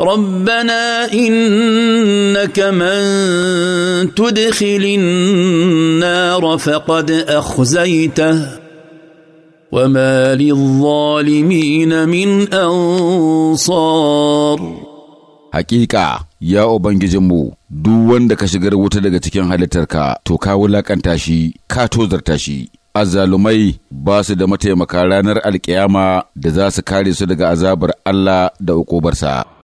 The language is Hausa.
ربنا انك من تدخل النار فقد اخزيته وما للظالمين من انصار حقيقه ya Ubangijinmu, duk wanda ka shigar wuta daga cikin halittarka, to ka wulaƙanta shi, ka tozarta shi. Azalumai ba su da mataimaka ranar alkiyama da za su kare su daga azabar Allah da ukubarsa.